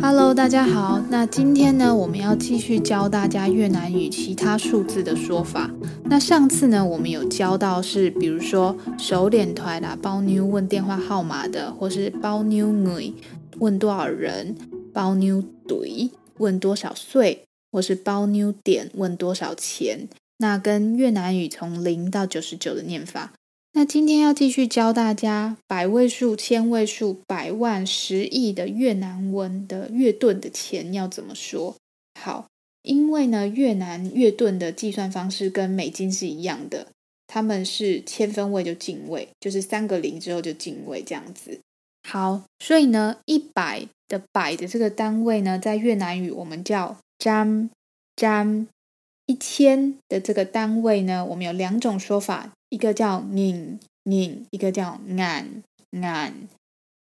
Hello，大家好。那今天呢，我們要繼續教大家越南語其他數字的說法。那上次呢，我們有教到是，比如說手點團啦、啊，包妞問電話號碼的，或是包妞女問多少人，包妞對問多少歲，或是包妞點問多少錢。那跟越南語從零到九十九的念法。那今天要繼續教大家百位數、千位數、百萬、十億的越南文的越盾的錢要怎麼說？好，因為呢，越南越盾的計算方式跟美金是一樣的，它們是千分位就進位，就是三個零之後就進位這樣子。好，所以呢，一百的百的這個單位呢，在越南語我們叫 trăm 一千的這個單位呢，我們有兩種說法，一個叫 nghìn nghìn, 一個叫 ngàn ngàn。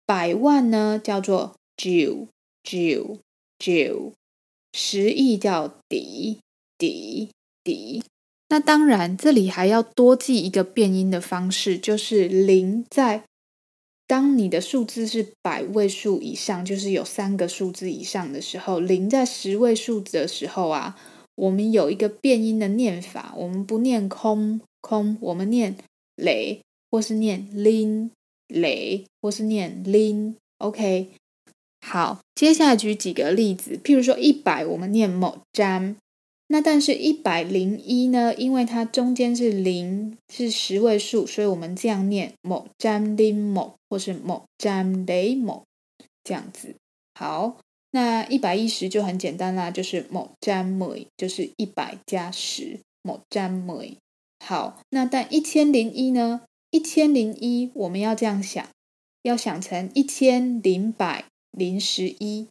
百萬呢叫做 triệu triệu triệu，十億叫 tỷ tỷ tỷ。那當然，這裡還要多記一個變音的方式，就是零在，當你的數字是百位數以上，就是有三個數字以上的時候，零在十位數字的時候啊。我們有一個變音的念法，我們不念空空，我們念累，或是念林累，或是念林 OK，好，接下來舉幾個例子，譬如說一百，我們念某占，那但是一百零一呢？因為它中間是零，是十位數，所以我們這樣念某占林某，或是某占雷某，這樣子。好。那一百一十就很簡單啦，就是某占某，就是一百加十某占某。10，好，那但一千零一呢？一千零一我們要這樣想，要想成一千零百零十一。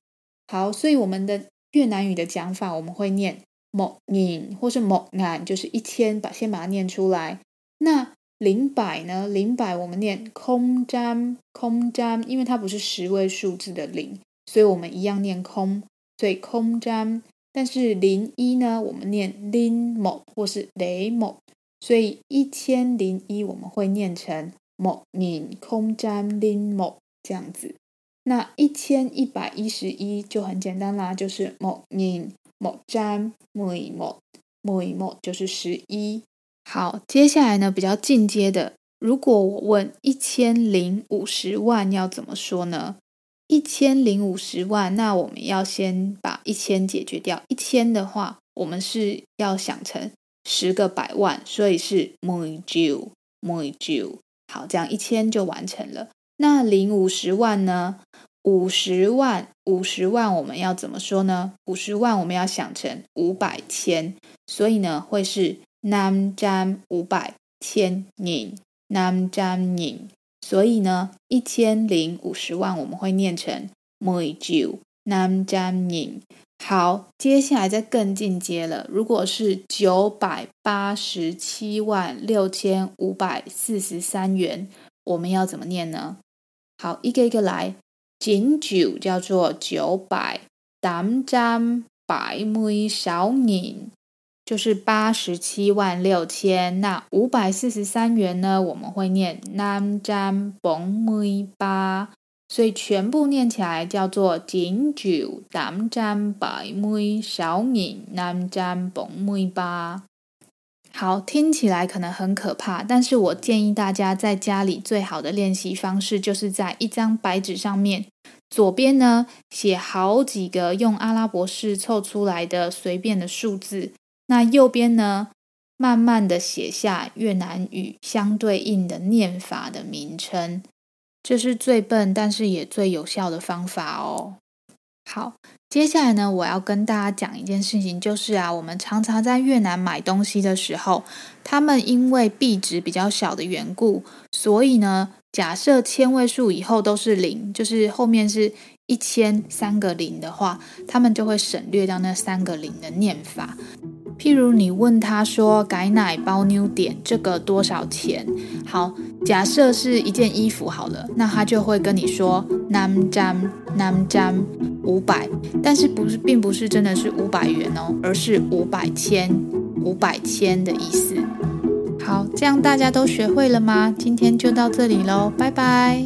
好，所以我們的越南語的講法，我們會念某年或是某安，就是一千把先把它念出來。那零百呢？零百我們念空占空占，因為它不是十位數字的零。所以我們一樣念空，所以空占。但是零一呢，我們念零某或是雷某，所以一千零一我們會念成某名空占，零某這樣子。那一千一百一十一就很簡單啦，就是某名某粘某一某某一某，某，某某就是十一。好，接下來呢比較進階的，如果我問一千零五十萬要怎麼說呢？一千零五十萬，那我們要先把一千解決掉。一千的話，我們是要想成十個百萬，所以是 mười triệu mười triệu。好，這樣一千就完成了。那零五十萬呢？五十萬，五十萬，我們要怎麼說呢？五十萬我們要想成五百千，所以呢會是 năm trăm 五百千 nghìn năm trăm nghìn。嗯嗯嗯嗯嗯 所以呢，一千零五十萬我們會念成 mười triệu năm trăm nghìn。好，接下來再更進階了，如果是九百八十七萬六千五百四十三元，我們要怎麼念呢？好，一個一個來，chín triệu 叫做九百，tám trăm bảy mươi sáu nghìn 就是八十七萬六千，那五百四十三元呢？我們會念南占 năm trăm bốn mươi ba 所以全部念起來叫做 tám trăm bảy mươi sáu nghìn năm trăm bốn mươi ba 好，聽起來可能很可怕，但是我建議大家在家裡最好的練習方式，就是在一張白紙上面，左邊呢寫好幾個用阿拉伯式湊出來的隨便的數字。那右邊呢，慢慢的寫下越南語相對應的念法的名稱，這是最笨，但是也最有效的方法哦。好，接下來呢，我要跟大家講一件事情，就是啊，我們常常在越南買東西的時候，他們因為幣值比較小的緣故，所以呢，假設千位數以後都是零，就是後面是一千三個零的話，他們就會省略掉那三個零的念法。例如你問他說 Cái này bao nhiêu tiền? 這個多少錢？好，假設是一件衣服好了，那他就會跟你說 năm trăm năm trăm 五百，但是不是並不是真的是五百元哦，而是五百千五百千的意思。好，這樣大家都學會了嗎？今天就到這裡嘍，拜拜。